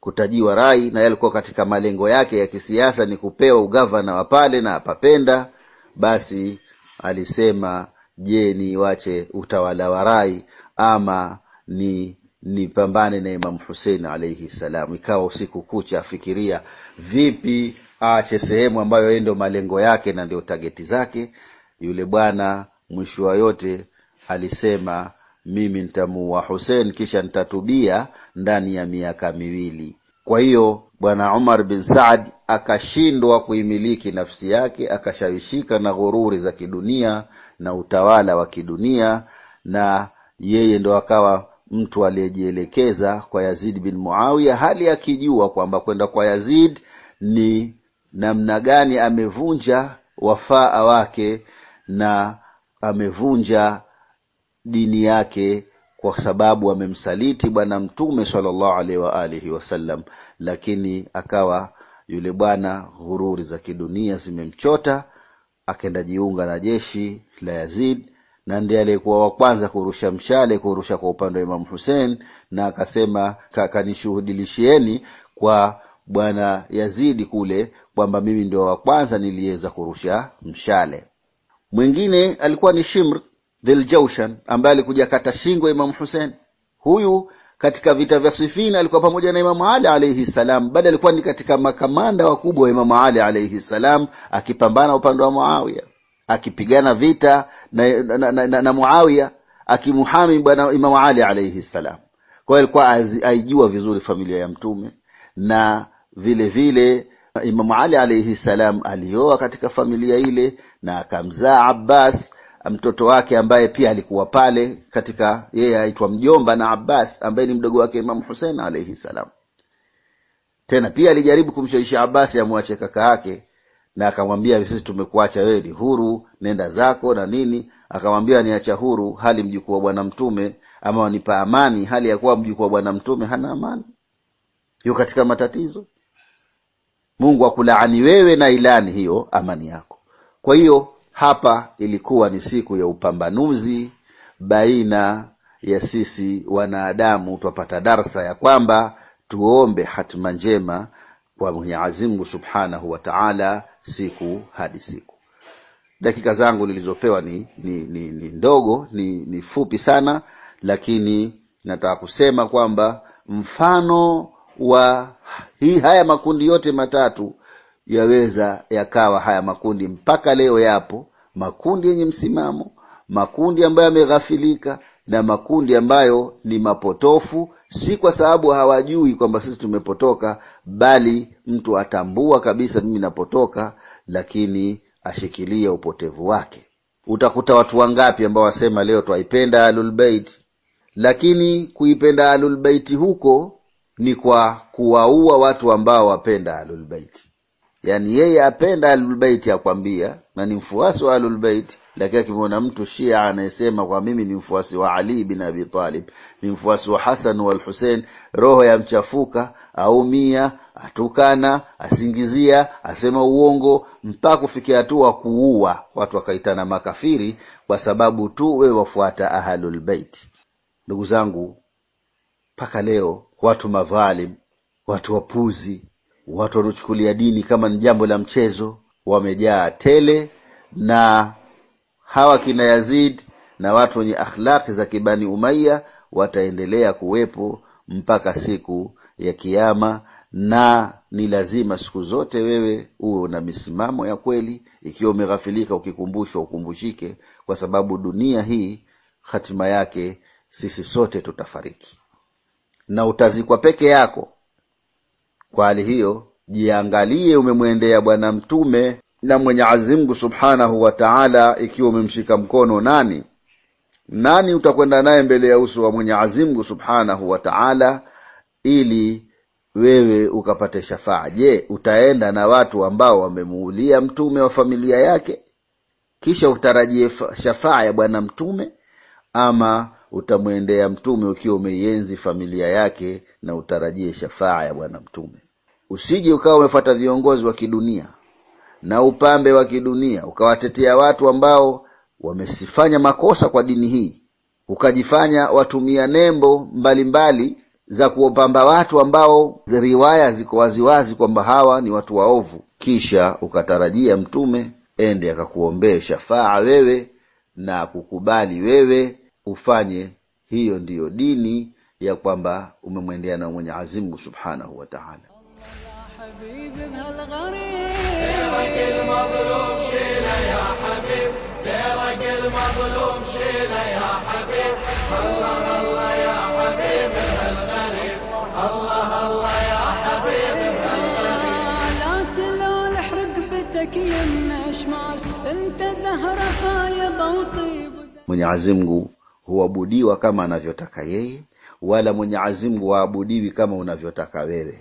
Kutajiwa Rai na alikuwa katika malengo yake ya kisiasa ni kupewa ugavana wa pale, na apapenda basi alisema je niwache utawala wa rai ama ni nipambane na Imamu Husein alaihi salam. Ikawa usiku kucha afikiria vipi aache sehemu ambayo ndio malengo yake na ndio tageti zake. Yule bwana mwisho wa yote alisema mimi nitamuua Husein kisha nitatubia ndani ya miaka miwili. Kwa hiyo bwana Umar bin Saad akashindwa kuimiliki nafsi yake, akashawishika na ghururi za kidunia na utawala wa kidunia na yeye ndo akawa mtu aliyejielekeza kwa Yazid bin Muawiya, hali akijua kwamba kwenda kwa Yazid ni namna gani amevunja wafaa wake na amevunja dini yake, kwa sababu amemsaliti Bwana Mtume salllahu alaihi waalihi wasallam. Lakini akawa yule bwana, ghururi za kidunia zimemchota akaenda jiunga na jeshi la Yazid na ndiye aliyekuwa wa kwanza kurusha mshale kurusha kwa upande wa Imamu husein na akasema kanishuhudilishieni kwa bwana Yazidi kule kwamba mimi ndio wa kwanza niliweza kurusha mshale. Mwingine alikuwa ni Shimr dhiljaushan ambaye alikuja kata shingo Imamu husein Huyu katika vita vya Sifin alikuwa pamoja na Imamu Ali alaihi salam, bali alikuwa ni katika makamanda wakubwa wa Imamu Ali alaihi salam, akipambana upande wa Muawiya, akipigana vita na, na, na, na, na, na Muawiya, akimuhami bwana Imamu Ali alaihi salam. Kwa hiyo alikuwa aijua vizuri familia ya Mtume na vile vile Imamu Ali alaihi salam alioa katika familia ile na akamzaa Abbas mtoto wake ambaye pia alikuwa pale katika yeye aitwa mjomba na Abbas ambaye ni mdogo wake Imam Hussein alayhi salam. Tena pia alijaribu kumshawishi Abbas amwache kaka yake, na akamwambia sisi tumekuacha wewe, ni huru, nenda zako na nini. Akamwambia niacha huru, hali mjukuu wa bwana mtume, ama wanipa amani, hali ya kuwa mjukuu wa bwana mtume hana amani, yuko katika matatizo. Mungu akulaani wewe na ilani hiyo amani yako. Kwa hiyo hapa ilikuwa ni siku ya upambanuzi baina ya sisi wanadamu, twapata darsa ya kwamba tuombe hatima njema kwa mwenye azimgu Subhanahu wa Ta'ala siku hadi siku. Dakika zangu nilizopewa ni, ni, ni, ni ndogo ni, ni fupi sana, lakini nataka kusema kwamba mfano wa hii haya makundi yote matatu yaweza yakawa haya makundi mpaka leo yapo makundi yenye msimamo, makundi ambayo yameghafilika na makundi ambayo ni mapotofu, si kwa sababu hawajui kwamba sisi tumepotoka, bali mtu atambua kabisa, mimi napotoka, lakini ashikilia upotevu wake. Utakuta watu wangapi ambao wasema leo twaipenda Ahlulbeiti, lakini kuipenda Ahlulbeiti huko ni kwa kuwaua watu ambao wapenda Ahlulbeiti yani yeye apenda ahlulbeiti akwambia na ni mfuasi wa ahlulbeiti lakini akimwona mtu shia anayesema kwa mimi ni mfuasi wa ali bin abi talib ni mfuasi wa hasan wal husein roho yamchafuka aumia atukana asingizia asema uongo mpaka kufikia hatua kuua watu wakaitana makafiri kwa sababu tu wewe wafuata ahlulbeiti ndugu zangu mpaka leo watu madhalim watu wapuzi Watu wanaochukulia dini kama ni jambo la mchezo wamejaa tele, na hawa kina Yazid na watu wenye akhlaki za kibani umaiya wataendelea kuwepo mpaka siku ya Kiama, na ni lazima siku zote wewe uwe una misimamo ya kweli. Ikiwa umeghafilika, ukikumbushwa, ukumbushike, kwa sababu dunia hii hatima yake sisi sote tutafariki, na utazikwa peke yako. Kwa hali hiyo, jiangalie umemwendea Bwana Mtume na Mwenyezi Mungu subhanahu wa taala, ikiwa umemshika mkono nani nani utakwenda naye mbele ya uso wa Mwenyezi Mungu subhanahu wa taala, ili wewe ukapate shafaa. Je, utaenda na watu ambao wamemuulia mtume wa familia yake, kisha utarajie shafaa ya Bwana Mtume, ama utamwendea mtume ukiwa umeienzi familia yake na utarajie shafaa ya Bwana Mtume. usiji ukawa umefuata viongozi wa kidunia na upambe wa kidunia, ukawatetea watu ambao wamesifanya makosa kwa dini hii, ukajifanya watumia nembo mbalimbali mbali za kuwapamba watu ambao riwaya ziko waziwazi kwamba hawa ni watu waovu, kisha ukatarajia Mtume ende akakuombee shafaa wewe na kukubali wewe ufanye. Hiyo ndiyo dini ya kwamba umemwendea na Mwenyezi Mungu Subhanahu wa Ta'ala. Mwenyezi Mungu huabudiwa kama anavyotaka yeye wala Mwenyezi Mungu waabudiwi kama unavyotaka wewe.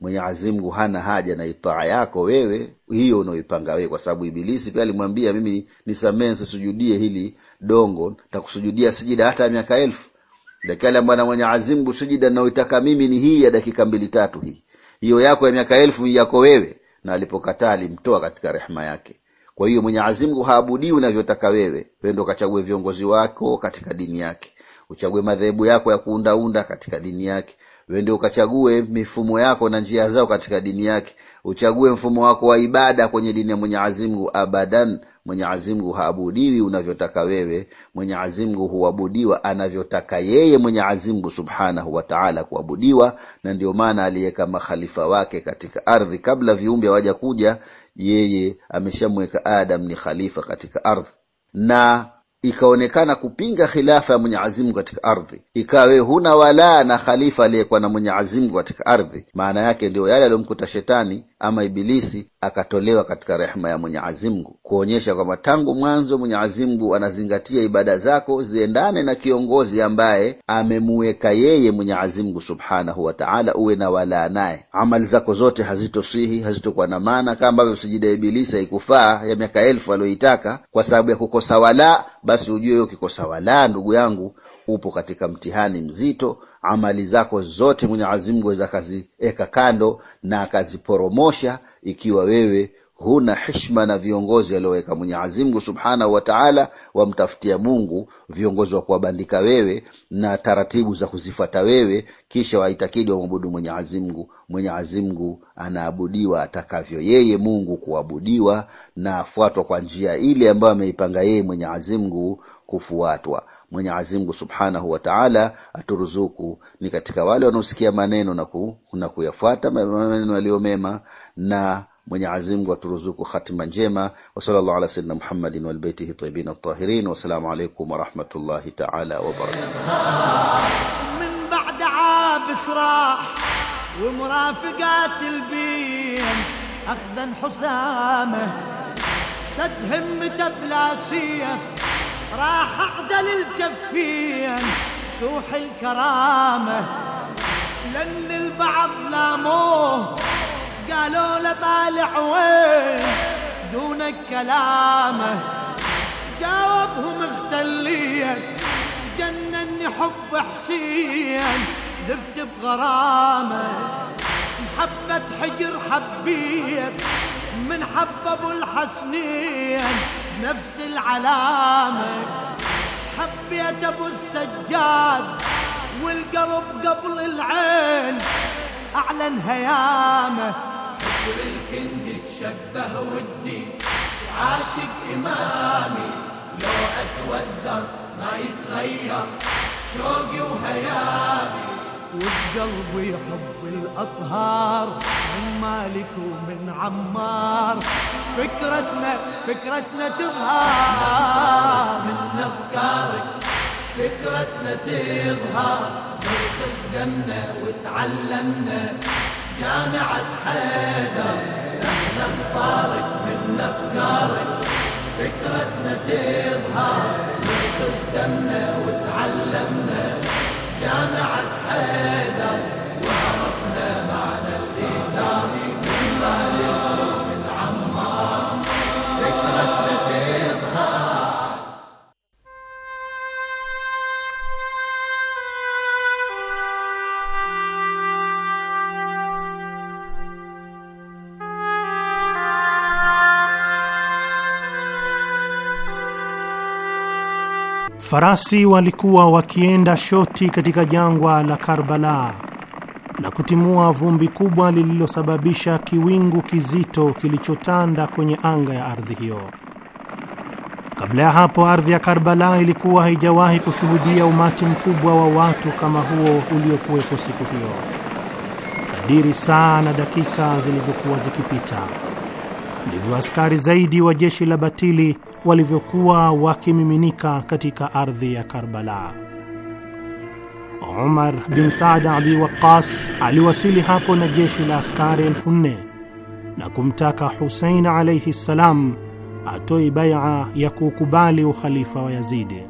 Mwenyezi Mungu hana haja na itaa yako wewe hiyo unaoipanga wewe, kwa sababu Ibilisi pia alimwambia, mimi nisamehe, sisujudie hili dongo, takusujudia sijida hata ya miaka elfu. Lakini aliambia Mwenyezi Mungu, sijida naoitaka mimi ni hii ya dakika mbili tatu, hii hiyo yako ya miaka elfu yako wewe. Na alipokataa alimtoa katika rehema yake. Kwa hiyo Mwenyezi Mungu haabudiwi unavyotaka wewe, wendo kachague viongozi wako katika dini yake uchague madhehebu yako ya kuundaunda katika dini yake wende ukachague mifumo yako na njia zao katika dini yake uchague mfumo wako wa ibada kwenye dini ya mwenye azimgu abadan mwenye azimgu haabudiwi unavyotaka wewe mwenye azimgu huabudiwa anavyotaka yeye mwenye azimgu subhanahu wataala kuabudiwa na ndio maana aliyeka makhalifa wake katika ardhi kabla viumbe hawaja kuja yeye ameshamweka adam ni khalifa katika ardhi na ikaonekana kupinga khilafa ya mwenye Mungu katika ardhi, ikawe huna walaa na khalifa aliyekuwa na Mwenyezi katika ardhi. Maana yake ndio yale aliyomkuta shetani ama Ibilisi akatolewa katika rehema ya Mwenyezi Mungu, kuonyesha kwamba tangu mwanzo Mwenyezi Mungu anazingatia ibada zako ziendane na kiongozi ambaye amemuweka yeye Mwenyezi Mungu subhanahu wa taala, uwe na walaa naye. Amali zako zote hazitosihi, hazitokuwa na maana, kama ambavyo sijida ya Ibilisi haikufaa ya miaka elfu aliyoitaka kwa sababu ya kukosa walaa. Basi ujue ukikosa walaa, ndugu yangu, upo katika mtihani mzito amali zako zote Mwenyezi Mungu aweza akaziweka kando na akaziporomosha, ikiwa wewe huna hishma na viongozi walioweka Mwenyezi Mungu subhanahu wa taala. Wamtafutia Mungu viongozi wa kuwabandika wewe na taratibu za kuzifata wewe, kisha waitakidi wamwabudu Mwenyezi Mungu. Mwenyezi Mungu anaabudiwa atakavyo yeye Mungu kuabudiwa, na afuatwa kwa njia ile ambayo ameipanga yeye Mwenyezi Mungu kufuatwa. Mwenyezi Mungu Subhanahu wa Ta'ala aturuzuku ni katika wale wanaosikia maneno na ku, na kuyafuata maneno yaliyo mema na Mwenyezi Mungu aturuzuku hatima njema wa sallallahu ala sayyidina Muhammadin wal baitihi tayyibin at-tahirin wa salamu alaykum wa rahmatullahi ta'ala wa barakatuh min wa murafiqat al-bin akhdan husama sad bla siyaf راح أعزل الجفين سوح الكرامة لأن البعض لاموه قالوا له طالع وين دونك كلامه جاوبهم اختليت جنني حب حسين ذبت بغرامه محبة حجر حبيت من حب ابو الحسنين نفس العلامة حبيت ابو السجاد والقلب قبل العين اعلن هيامه كل الكندي تشبه ودي عاشق امامي لو اتوذر ما يتغير شوقي وهيامي والقلب يحب الأطهار من مالك ومن عمار فكرتنا فكرتنا تظهر من أفكارك فكرتنا تظهر نرخص دمنا وتعلمنا جامعة حيدر احنا انصارك من أفكارك فكرتنا تظهر نرخص دمنا وتعلمنا جامعتها Farasi walikuwa wakienda shoti katika jangwa la Karbala na kutimua vumbi kubwa lililosababisha kiwingu kizito kilichotanda kwenye anga ya ardhi hiyo. Kabla ya hapo, ardhi ya Karbala ilikuwa haijawahi kushuhudia umati mkubwa wa watu kama huo uliokuwepo siku hiyo. Kadiri saa na dakika zilivyokuwa zikipita, ndivyo askari zaidi wa jeshi la batili walivyokuwa wakimiminika katika ardhi ya Karbala. Umar bin Saad Abi Waqas aliwasili hapo na jeshi la askari elfu nne na kumtaka Husein alaihi ssalam atoe baia ya kuukubali ukhalifa wa Yazidi.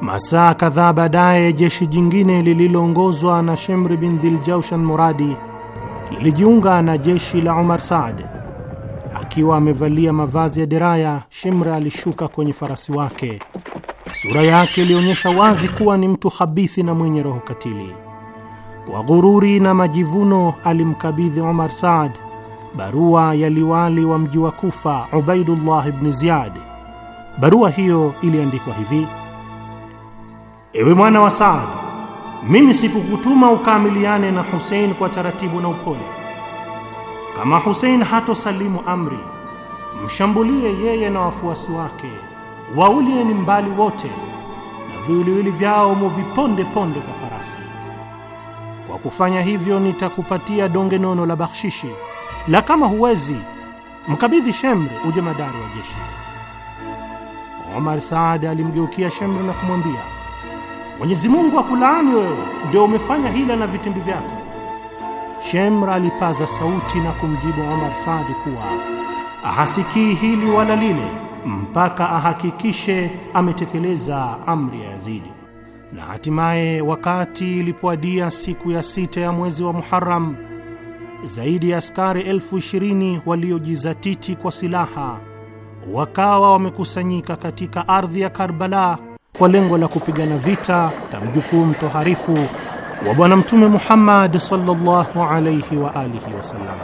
Masaa kadhaa baadaye, jeshi jingine lililoongozwa na Shemri bin dhiljaushan Muradi lilijiunga na jeshi la Umar Saad Akiwa amevalia mavazi ya deraya, Shimra alishuka kwenye farasi wake. Sura yake ilionyesha wazi kuwa ni mtu habithi na mwenye roho katili. Kwa ghururi na majivuno, alimkabidhi Omar Saad barua ya liwali wa mji wa Kufa, Ubaidullah bni Ziyad. Barua hiyo iliandikwa hivi: ewe mwana wa Saad, mimi sikukutuma ukaamiliane na Husein kwa taratibu na upole kama Hussein hatosalimu amri, mshambulie yeye na wafuasi wake, waulieni mbali wote na viwiliwili vyao muviponde ponde kwa farasi. Kwa kufanya hivyo, nitakupatia donge nono la bakhshishi, la kama huwezi mkabidhi Shemri uje madari wa jeshi. Omar Saad alimgeukia Shemri na kumwambia, Mwenyezi Mungu akulaani wewe, ndio umefanya hila na vitimbi vyako. Shemr alipaza sauti na kumjibu Omar Saadi kuwa hasikii hili wala lile mpaka ahakikishe ametekeleza amri ya Yazidi. Na hatimaye wakati ilipoadia siku ya sita ya mwezi wa Muharram, zaidi ya askari elfu ishirini waliojizatiti kwa silaha wakawa wamekusanyika katika ardhi ya Karbala kwa lengo la kupigana vita na mjukuu mtoharifu wa Bwana Mtume Muhammad sallallahu alayhi wa alihi wasallam.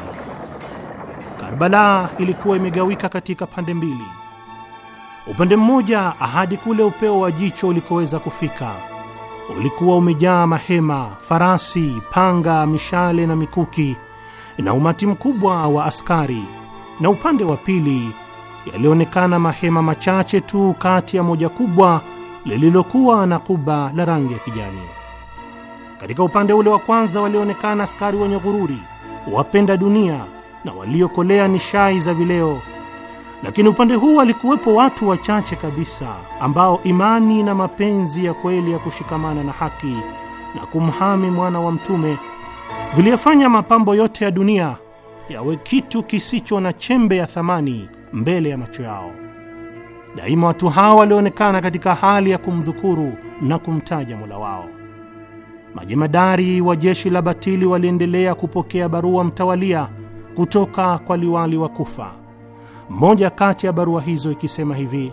Karbala ilikuwa imegawika katika pande mbili. Upande mmoja, ahadi kule upeo wa jicho ulikoweza kufika, ulikuwa umejaa mahema, farasi, panga, mishale na mikuki na umati mkubwa wa askari, na upande wa pili yalionekana mahema machache tu kati ya moja kubwa lililokuwa na kuba la rangi ya kijani. Katika upande ule wa kwanza walioonekana askari wenye ghururi, wapenda dunia na waliokolea nishai za vileo, lakini upande huu walikuwepo watu wachache kabisa ambao imani na mapenzi ya kweli ya kushikamana na haki na kumhami mwana wa mtume viliyafanya mapambo yote ya dunia yawe kitu kisicho na chembe ya thamani mbele ya macho yao. Daima watu hawa walionekana katika hali ya kumdhukuru na kumtaja Mola wao. Majemadari wa jeshi la batili waliendelea kupokea barua mtawalia kutoka kwa liwali wa Kufa, mmoja kati ya barua hizo ikisema hivi: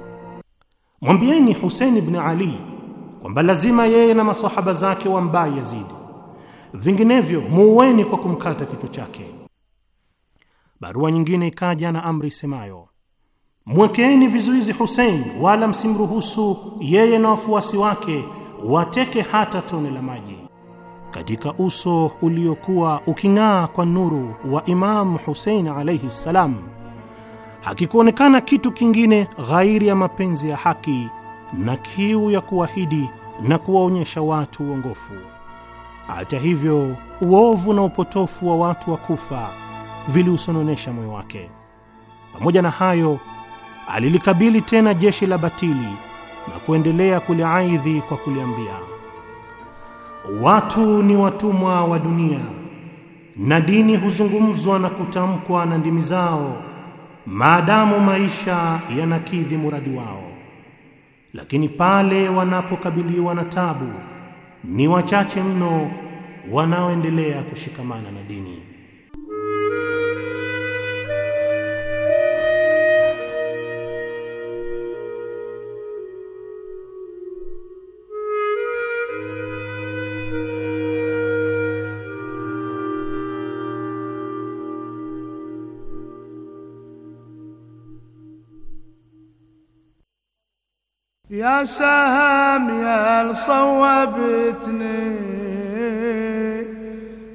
mwambieni Husein ibn Ali kwamba lazima yeye na masahaba zake wambai Yazidi, vinginevyo muueni kwa kumkata kichwa chake. Barua nyingine ikaja na amri isemayo Mwekeeni vizuizi Husein, wala msimruhusu yeye na wafuasi wake wateke hata tone la maji katika uso uliokuwa uking'aa kwa nuru wa Imamu Husein alaihi ssalam, hakikuonekana kitu kingine ghairi ya mapenzi ya haki na kiu ya kuahidi na kuwaonyesha watu uongofu. Hata hivyo, uovu na upotofu wa watu wa Kufa viliusononesha moyo wake. Pamoja na hayo, alilikabili tena jeshi la batili na kuendelea kuliaidhi kwa kuliambia Watu ni watumwa wa dunia, na dini huzungumzwa na kutamkwa na ndimi zao, maadamu maisha yanakidhi muradi wao. Lakini pale wanapokabiliwa na tabu, ni wachache mno wanaoendelea kushikamana na dini. يا سهام يا صوبتني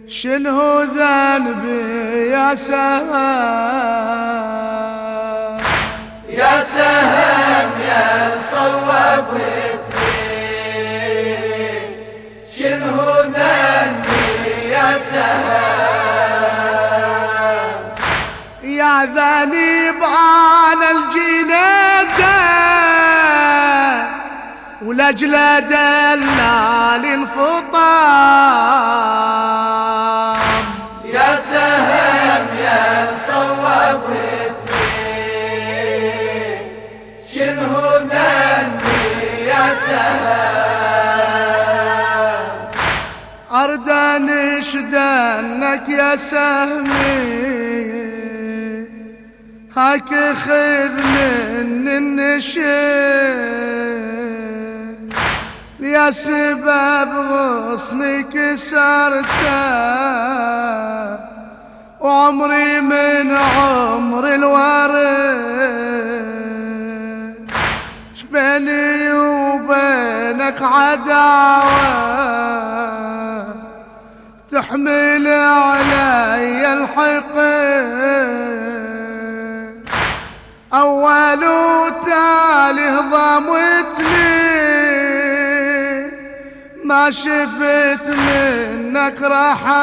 شنو ذنبي يا سهام يا سهام يا صوبتني شنو ذنبي يا سهام يا ذنب على الجنازه ولجل دلال الفطام يا سهم يا مصوب شنو ذنبي يا سهم أردان شدنك يا سهمي هاك خذ من النشيد يا سبب غصنك كسرت وعمري من عمر الورد بيني وبينك عداوة تحمل علي الحقد أول وتالي هضمتني شفت منك راحة.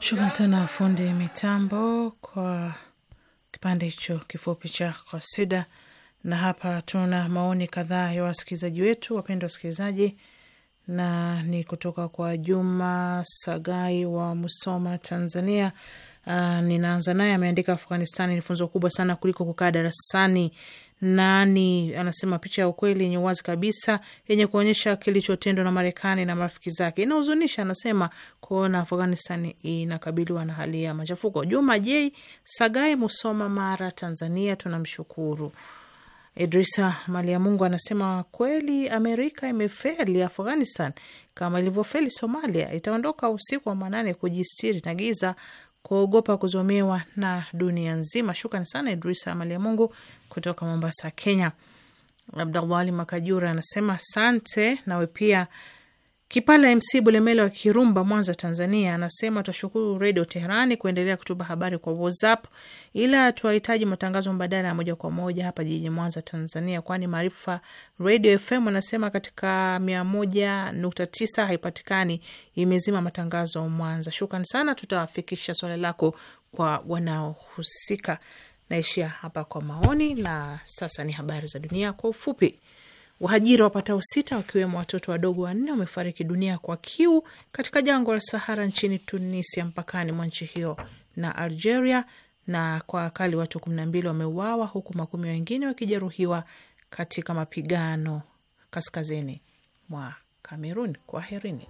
شكرا sana fundi mitambo kwa kipande hicho kifupi cha kasida. Na hapa tuna maoni kadhaa ya wasikilizaji wetu, wapendwa wasikilizaji, na ni kutoka kwa Juma Sagai wa Musoma, Tanzania. Uh, ninaanza naye, ameandika Afghanistani ni funzo kubwa sana kuliko kukaa darasani nani anasema picha ya ukweli yenye uwazi kabisa yenye kuonyesha kilichotendwa na Marekani na marafiki zake inahuzunisha, anasema kuona Afghanistan inakabiliwa na hali ya machafuko. Juma J Sagae, Musoma, Mara, Tanzania, tunamshukuru. Idrisa Mali ya Mungu anasema kweli Amerika imefeli Afghanistan kama ilivyofeli Somalia, itaondoka usiku wa manane kujistiri na giza kuogopa kuzomewa na dunia nzima. Shukrani sana Idrisa Mali ya Mungu kutoka Mombasa, Kenya. Abdalwali Makajura anasema asante. Nawe pia Kipala MC Bulemele wa Kirumba, Mwanza, Tanzania, anasema twashukuru Redio Teherani kuendelea kutupa habari kwa WhatsApp, ila tuwahitaji matangazo mbadala ya moja kwa moja hapa jijini Mwanza, Tanzania, kwani Maarifa Radio FM anasema katika mia moja nukta tisa haipatikani, imezima matangazo Mwanza. Shukran sana, tutawafikisha swala lako kwa wanaohusika. Naishia hapa kwa maoni, na sasa ni habari za dunia kwa ufupi. Wahajiri wapatao sita wakiwemo watoto wadogo wanne wamefariki dunia kwa kiu katika jangwa la Sahara nchini Tunisia, mpakani mwa nchi hiyo na Algeria, na kwa akali watu kumi na mbili wameuawa huku makumi wengine wakijeruhiwa katika mapigano kaskazini mwa Kamerun. Kwaherini.